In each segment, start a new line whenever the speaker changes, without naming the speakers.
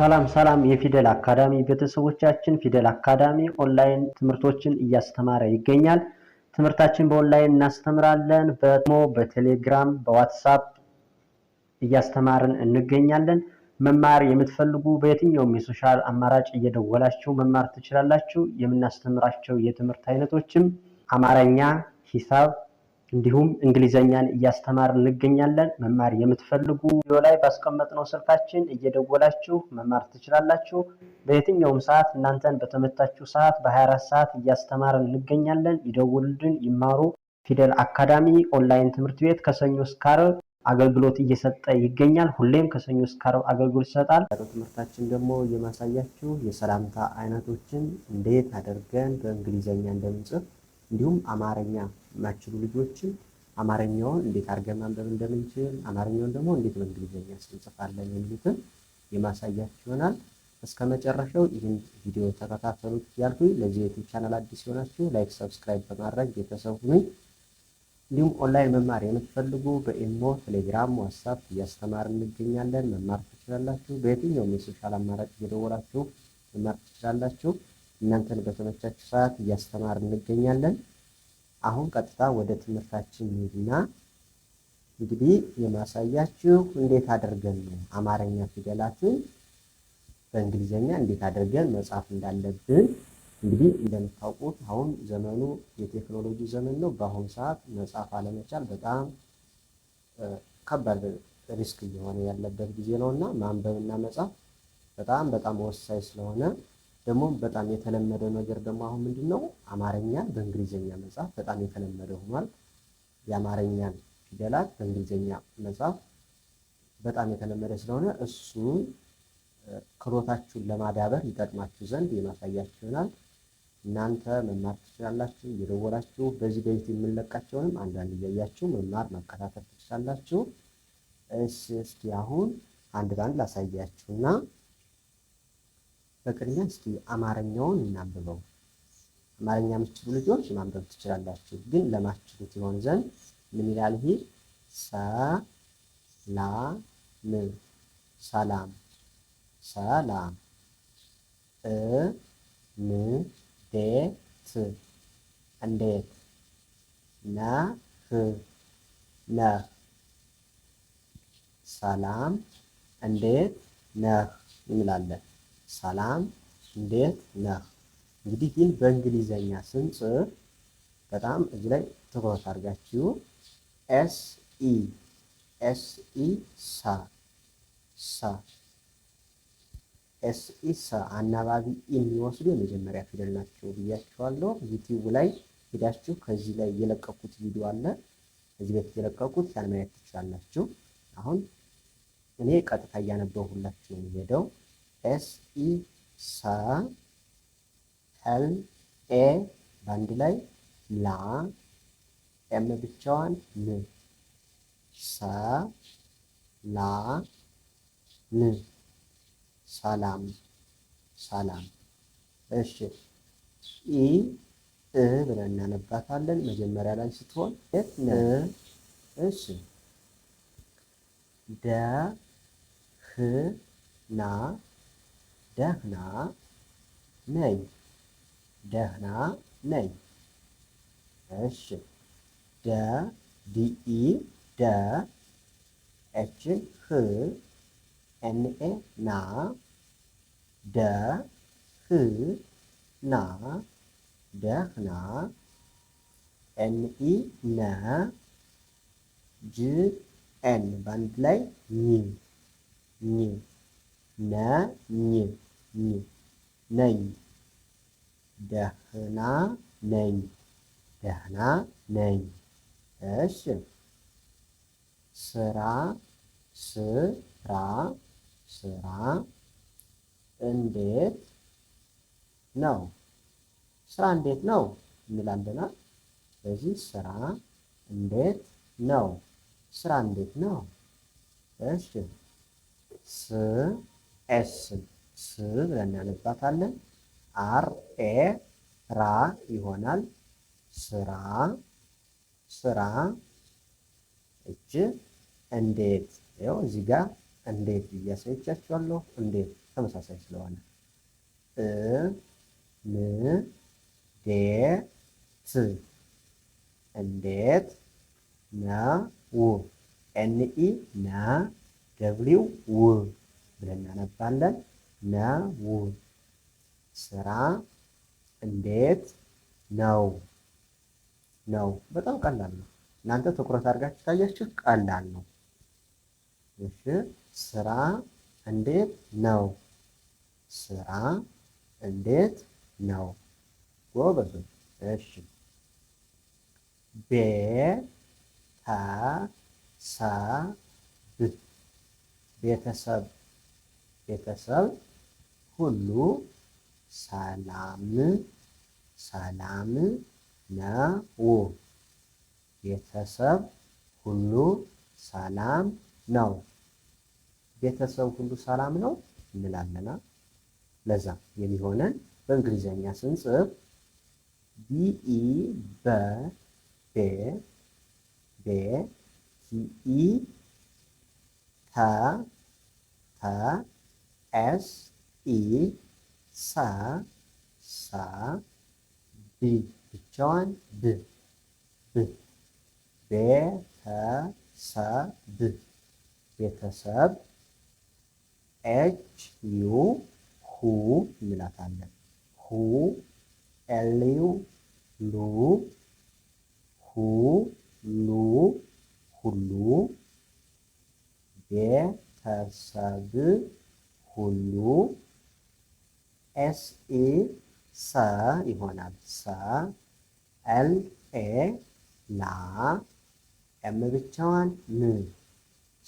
ሰላም ሰላም የፊደል አካዳሚ ቤተሰቦቻችን፣ ፊደል አካዳሚ ኦንላይን ትምህርቶችን እያስተማረ ይገኛል። ትምህርታችን በኦንላይን እናስተምራለን። በሞ በቴሌግራም በዋትሳፕ እያስተማርን እንገኛለን። መማር የምትፈልጉ በየትኛውም የሶሻል አማራጭ እየደወላችሁ መማር ትችላላችሁ። የምናስተምራቸው የትምህርት አይነቶችም አማርኛ፣ ሂሳብ እንዲሁም እንግሊዘኛን እያስተማር እንገኛለን። መማር የምትፈልጉ ቪዲዮ ላይ ባስቀመጥነው ስልካችን እየደወላችሁ መማር ትችላላችሁ። በየትኛውም ሰዓት እናንተን በተመታችሁ ሰዓት በ24 ሰዓት እያስተማርን እንገኛለን። ይደውሉልን፣ ይማሩ። ፊደል አካዳሚ ኦንላይን ትምህርት ቤት ከሰኞ እስከ ዓርብ አገልግሎት እየሰጠ ይገኛል። ሁሌም ከሰኞ እስከ ዓርብ አገልግሎት ይሰጣል። ትምህርታችን ደግሞ የማሳያችሁ የሰላምታ አይነቶችን እንዴት አድርገን በእንግሊዘኛ እንደምንጽፍ እንዲሁም አማርኛ የማትችሉ ልጆችን አማርኛውን እንዴት አድርገን ማንበብ እንደምንችል አማርኛውን ደግሞ እንዴት በእንግሊዝኛ ስንጽፋለን የሚሉትን የማሳያችሁ ይሆናል። እስከ መጨረሻው ይህን ቪዲዮ ተከታተሉት እያልኩኝ ለዚህ ዩቱብ ቻናል አዲስ የሆናችሁ ላይክ፣ ሰብስክራይብ በማድረግ ቤተሰብ ሁኑኝ። እንዲሁም ኦንላይን መማር የምትፈልጉ በኢሞ፣ ቴሌግራም፣ ዋትሳፕ እያስተማር እንገኛለን። መማር ትችላላችሁ። በየትኛውም የሶሻል አማራጭ እየደወላችሁ መማር ትችላላችሁ። እናንተን በተመቻችሁ ሰዓት እያስተማር እንገኛለን። አሁን ቀጥታ ወደ ትምህርታችን እንሂድና እንግዲህ የማሳያችሁ እንዴት አድርገን ነው አማርኛ ፊደላትን በእንግሊዝኛ እንዴት አድርገን መጻፍ እንዳለብን። እንግዲህ እንደምታውቁት አሁን ዘመኑ የቴክኖሎጂ ዘመን ነው። በአሁኑ ሰዓት መጻፍ አለመቻል በጣም ከባድ ሪስክ እየሆነ ያለበት ጊዜ ነው እና ማንበብና መጻፍ በጣም በጣም ወሳኝ ስለሆነ ደግሞ በጣም የተለመደ ነገር ደግሞ አሁን ምንድን ነው አማርኛን በእንግሊዝኛ መጽሐፍ በጣም የተለመደ ሆኗል። የአማርኛን ፊደላት በእንግሊዝኛ መጽሐፍ በጣም የተለመደ ስለሆነ እሱን ክህሎታችሁን ለማዳበር ይጠቅማችሁ ዘንድ የማሳያችሁ ይሆናል። እናንተ መማር ትችላላችሁ። እየደወላችሁ በዚህ በፊት የምንለቃቸውንም አንዳንድ እያያችሁ መማር መከታተል ትችላላችሁ። እሺ፣ እስኪ አሁን አንድ በአንድ ላሳያችሁና በቅድሚያ እስኪ አማርኛውን እናንብበው። አማርኛ የምትችሉ ልጆች ማንበብ ትችላላችሁ፣ ግን ለማችሉት ይሆን ዘንድ ምን ይላል ይሄ? ሰላም ሰላም ሰላም እንዴት እንዴት ነህ ነህ ሰላም እንዴት ነህ እንላለን። ሰላም እንዴት ነህ። እንግዲህ ግን በእንግሊዘኛ ስንጽ በጣም እዚህ ላይ ትኩረት አድርጋችሁ ኤስ ኢ ኤስ ኢ ሳ ሳ ኤስ ኢ ሳ አናባቢ የሚወስዱ የመጀመሪያ ፊደል ናቸው ብያችኋለሁ። ዩቲዩብ ላይ ሄዳችሁ ከዚህ ላይ የለቀኩት ቪዲዮ አለ ከዚህ በፊት የለቀኩት ያን ማየት ትችላላችሁ። አሁን እኔ ቀጥታ እያነበብሁላችሁ የሚሄደው። ኤስ ኢ ሳ ኤል ኤ በአንድ ላይ ላ ኤም ብቻዋን ን ሳ ላ ን ሰላም ሰላም። እሺ ኢ እ ብለን እናነባታለን መጀመሪያ ላይ ስትሆን የት ነ እሺ ደ ህ ና ደህና ነኝ ደህና ነኝ። እሺ ደ ዲኢ ደ ኤች ህ ኤንኤ ና ደ ህ ና ደህና ኤንኢ ነ ጅ ኤን በአንድ ላይ ኝ ኝ ነ ኝ ነኝ ደህና ነኝ ደህና ነኝ። እሺ ስራ ስራ ስራ እንዴት ነው? ስራ እንዴት ነው እንላለናል። ስለዚህ ስራ እንዴት ነው? ስራ እንዴት ነው? እሺ ስ ኤስ ስ ብለን እናነባታለን። አር ኤ ራ ይሆናል። ስራ ስራ እጅ እንዴት ይኸው እዚህ ጋር እንዴት ብያሳይቻችኋለሁ። እንዴት ተመሳሳይ ስለሆነ እ ን ዴ ት እንዴት ነው ኤን ኢ ና ደብሊው ው ብለን እናነባለን። ነው። ስራ እንዴት ነው? ነው በጣም ቀላል ነው። እናንተ ትኩረት አድርጋችሁ ታያችሁ፣ ቀላል ነው። እሺ ስራ እንዴት ነው? ስራ እንዴት ነው? ጎበዞች። እሺ ቤተሰብ ቤተሰብ ቤተሰብ ሁሉ ሰላም ሰላም ነው። ቤተሰብ ሁሉ ሰላም ነው። ቤተሰብ ሁሉ ሰላም ነው እንላለና ለዛ የሚሆነን በእንግሊዘኛ ስንጽፍ ቢኢ በ ቤ ቤ ቲኢ ተ ተ ኤስ ኢ ሳ ሳ ቢ ብቻዋን ብ ብ ቤተሰብ ቤተሰብ ኤች ዩ ሁ እንላታለን። ሁ ኤልዩ ሉ ሁ ሉ ሁሉ ቤተሰብ ሁሉ ኤስ ኢ ሰ ይሆናል። ሰ ኤል ኤ ላ ኤም ብቻዋን ም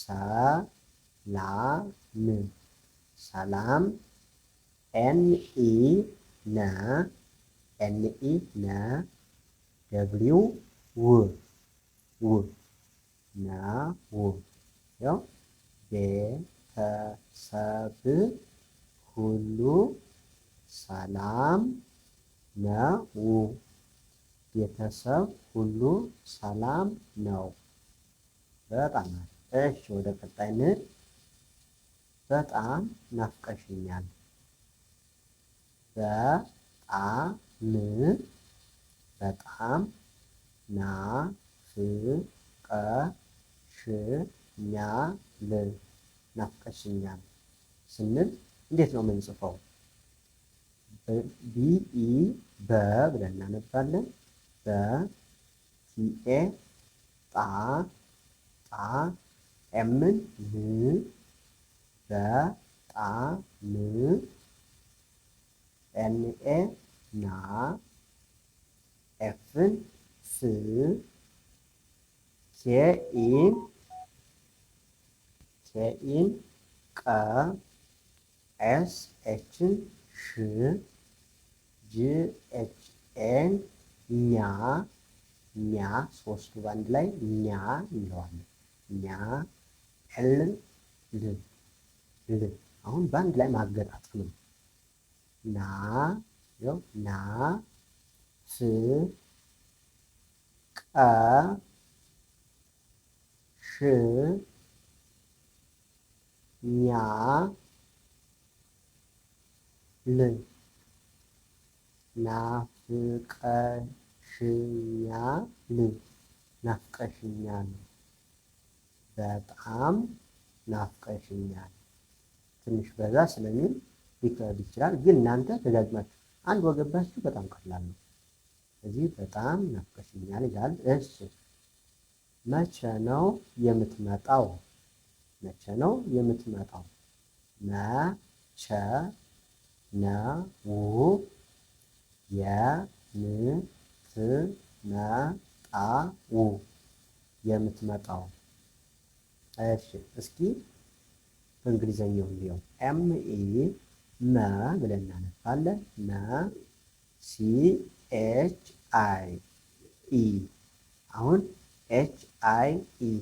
ሰ ላ ም ሰላም ኤን ኢ ነ ኤን ኢ ነ ደብሊው ው ው ነ ው ቤተሰብ ሁሉ ሰላም ነው። ቤተሰብ ሁሉ ሰላም ነው። በጣም እሺ፣ ወደ ቀጣይ ንድ በጣም ናፍቀሽኛል። በጣም በጣም ናፍቀሽኛል ናፍቀሽኛል ስንል እንዴት ነው የምንጽፈው? ቢኢ በ ብለን እናነባለን። በ ሲኤ ጣ ጣ ኤምን ም በጣም ኤንኤ ና ኤፍን ስ ኬኢን ኬኢን ቀ ኤስ ኤችን ሽ ጂኤችኤን ኤን ኛ ኛ ሶስቱ በአንድ ላይ ኛ እንለዋለን። ኛ ኤልን ል ል አሁን በአንድ ላይ ማገጣጠም ነው። ና ው ና ስ ቀ ሽ ኛ ል ናፍቀሽኛል ናፍቀሽኛል በጣም ናፍቀሽኛል። ትንሽ በዛ ስለሚል ሊከብድ ይችላል፣ ግን እናንተ ደጋግማችሁ አንድ ወገባችሁ በጣም ቀላል ነው። እዚህ በጣም ናፍቀሽኛል ይላል። እሺ መቼ ነው የምትመጣው? መቼ ነው የምትመጣው? መቼ ነው የምትመጣው የምትመጣው። እሺ እስኪ በእንግሊዘኛው እንዲያው ኤም መ ብለን እናነባለን። መ ሲ ኤች አይ ኢ አሁን ኤች አይ ኢ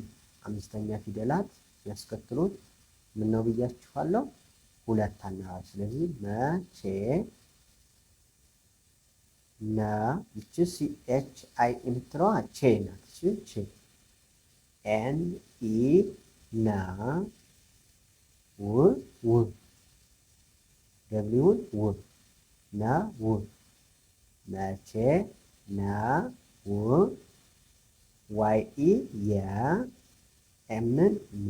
አምስተኛ ፊደላት የሚያስከትሉት ምን ነው ብያችኋለሁ? ሁለት አናባቢ። ስለዚህ መቼ ነ ይቺ ሲ ኤች አይ የምትለዋ ቼ ናት። ቺ ቼ ኤን ኢ ና ው ው ደብሊውን ው ነ ው ነቼ ነ ው ዋይ ኢ የ ኤምን ም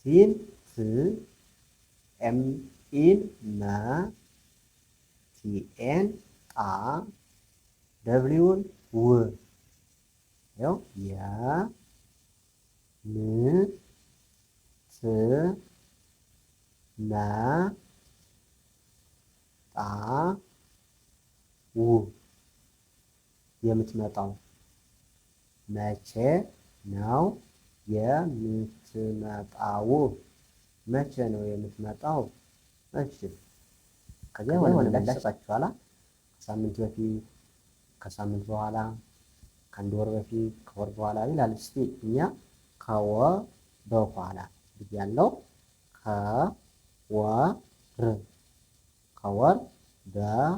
ቲን ት ኤም ኢን መ ቲኤን ጣ ደብሊውን ው ያው የ ን ት መ ጣ ው የምትመጣው መቼ ነው የምትመጣው? መቼ ነው የምትመጣው? እሺ ከዚያ ወደ ምላሽ ይሰጣችኋል። ከሳምንት በፊት ከሳምንት በኋላ ከአንድ ወር በፊት ከወር በኋላ ይላል። እስቲ እኛ ከወር በኋላ ብያለው። ከወር ከወር በኋላ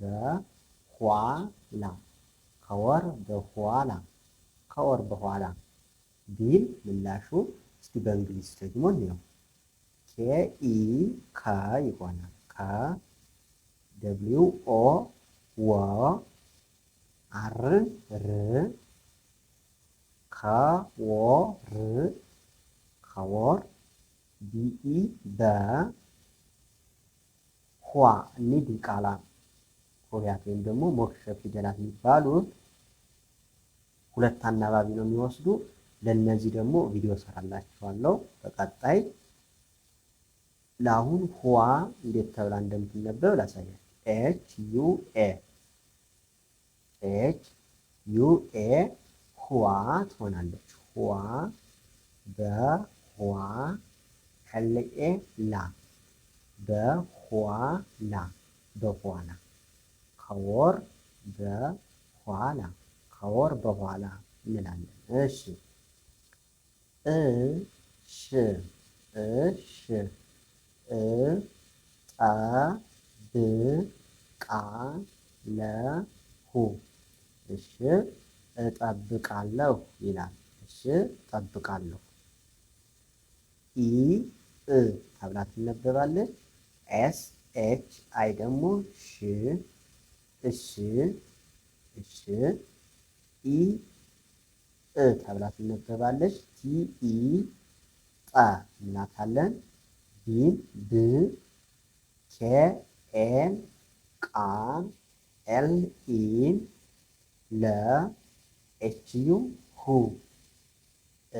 በኋላ ከወር በኋላ ከወር በኋላ ቢል ምላሹ እስቲ በእንግሊዝ ደግሞ ነው ኬኢ ከ ይሆናል። ከ ደብሊው ኦ ወ አር ር ከወር ከወር ቢኢ በ ኳ ንድ ቃላ ሆሄያት ወይም ደግሞ ሞክሸ ፊደላት የሚባሉት ሁለት አናባቢ ነው የሚወስዱ። ለእነዚህ ደግሞ ቪዲዮ ሰራላችኋለሁ በቀጣይ ለአሁን ህዋ እንዴት ተብላ እንደምትነበብ ላሳያል። ኤች ዩ ኤ ኤች ዩ ኤ ሁዋ ትሆናለች። ሁዋ በሁዋ ከለኤ ላ በኋላ ላ በኋላ ከወር በኋላ ከወር በኋላ እንላለን። እሺ እሺ እሺ እ ጠ ብ ቃ ለ ሁ እሺ እጠብቃለሁ ይላል። እሺ እጠብቃለሁ ኢ እ ተብላ ትነበባለች። ኤስ ኤች አይ ደግሞ ሽ እሺ እሺ ኢ እ ተብላ ትነበባለች። ቲ ኢ ጠ እናታለን ሂ ብ ኬ ኤን ቃ ኤል ኢን ለ ኤች ዩ ሁ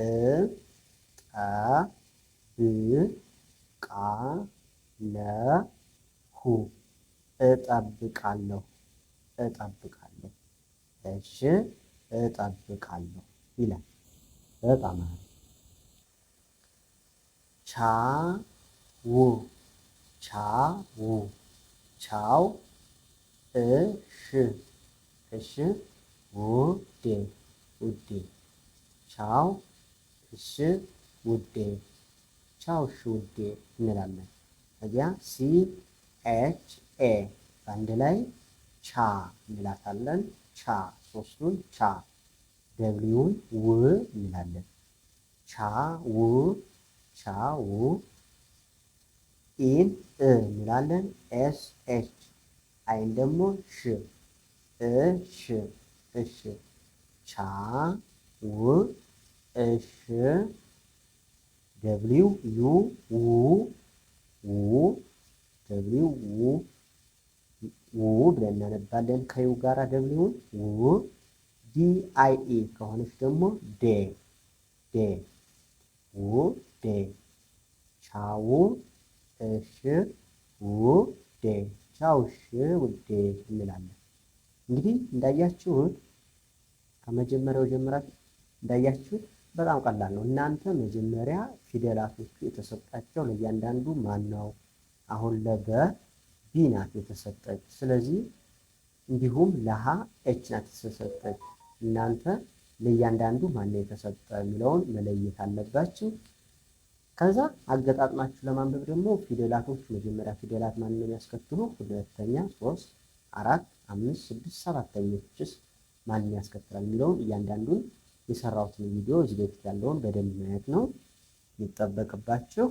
እ ጠ ብ ቃ ለ ሁ እጠብቃለሁ እጠብቃለሁ እሺ እጠብቃለሁ ይላል። በጣም ቻ ው ቻው ቻው እሽ እሽ ውዴ ውዴ ቻው እሽ ውዴ ቻው እሽ ውዴ እንላለን። ከዚያ ሲ ኤች ኤ በአንድ ላይ ቻ እንላታለን። ቻ ሶስቱን ቻ ደብሊውን ው እንላለን። ቻ ው ቻ ው ኢን እ እንላለን። ኤስ ኤች አይን ደግሞ ሽ እሽ እሽ ቻ ው እሽ ደብሊው ዩ ው ው ደብሊው ው ው ብለን እናነባለን ከዩ ጋር ደብሊውን ው ዲ አይ ኢ ከሆነች ደግሞ ዴ ዴ ው ዴ ቻው እሺ ውዴ ቻው እሺ ውዴ እንላለን። እንግዲህ እንዳያችሁት ከመጀመሪያው ጀምራችሁ እንዳያችሁት በጣም ቀላል ነው። እናንተ መጀመሪያ ፊደላቶቹ የተሰጣቸው ለእያንዳንዱ ማን ነው? አሁን ለበ ቢ ናት የተሰጠች። ስለዚህ እንዲሁም ለሀ ኤች ናት የተሰጠች። እናንተ ለእያንዳንዱ ማን ነው የተሰጠ የሚለውን መለየት አለባችሁ። ከዛ አገጣጥማችሁ ለማንበብ ደግሞ ፊደላቶች መጀመሪያ ፊደላት ማንን የሚያስከትሉ ሁለተኛ፣ ሶስት፣ አራት፣ አምስት፣ ስድስት፣ ሰባተኞችስ ማንን ያስከትላል የሚለውን እያንዳንዱን የሰራሁትን ቪዲዮ እዚህ በፊት ያለውን በደንብ ማየት ነው የሚጠበቅባችሁ።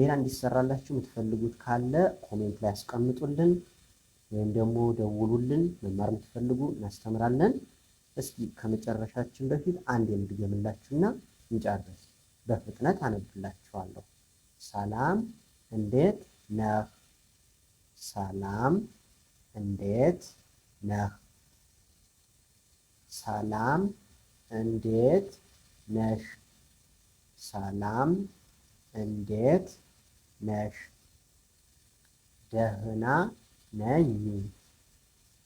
ሌላ እንዲሰራላችሁ የምትፈልጉት ካለ ኮሜንት ላይ ያስቀምጡልን ወይም ደግሞ ደውሉልን። መማር የምትፈልጉ እናስተምራለን። እስኪ ከመጨረሻችን በፊት አንድ የምድገምላችሁና እንጨርስ። በፍጥነት አነብላችኋለሁ። ሰላም እንዴት ነህ? ሰላም እንዴት ነህ? ሰላም እንዴት ነሽ? ሰላም እንዴት ነሽ? ደህና ነኝ።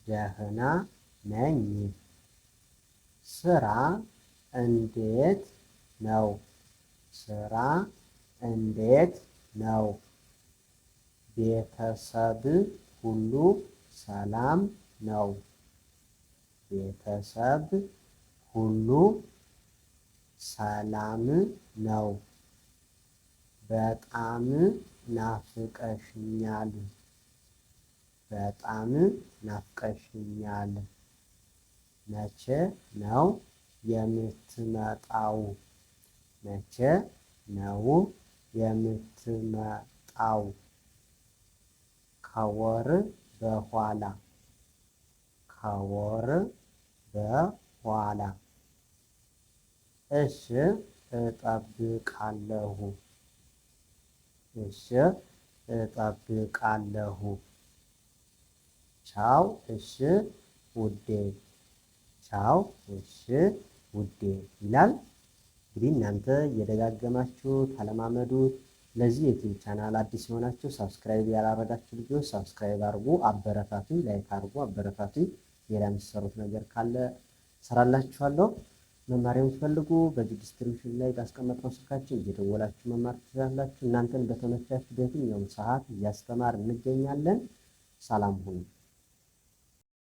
ደህና ነኝ። ስራ እንዴት ነው? ስራ እንዴት ነው? ቤተሰብ ሁሉ ሰላም ነው? ቤተሰብ ሁሉ ሰላም ነው? በጣም ናፍቀሽኛል። በጣም ናፍቀሽኛል። መቼ ነው የምትመጣው? መቼ ነው የምትመጣው? ከወር በኋላ ከወር በኋላ። እሺ እጠብቃለሁ። እሺ እጠብቃለሁ። ቻው እሺ ውዴ፣ ቻው እሺ ውዴ ይላል። እንግዲህ እናንተ እየደጋገማችሁ ተለማመዱ። ለዚህ የዩቲዩብ ቻናል አዲስ የሆናችሁ ሳብስክራይብ ያላረጋችሁ ልጆች ሳብስክራይብ አድርጉ፣ አበረታቱ፣ ላይክ አድርጉ፣ አበረታቱ። ሌላ የምትሰሩት ነገር ካለ ሰራላችኋለሁ። መማሪያ የምትፈልጉ በዚህ ዲስክሪፕሽን ላይ ባስቀመጥነው ስልካችን እየደወላችሁ መማር ትችላላችሁ። እናንተን በተመቻችሁ በየትኛውም ሰዓት እያስተማር እንገኛለን። ሰላም ሁኑ።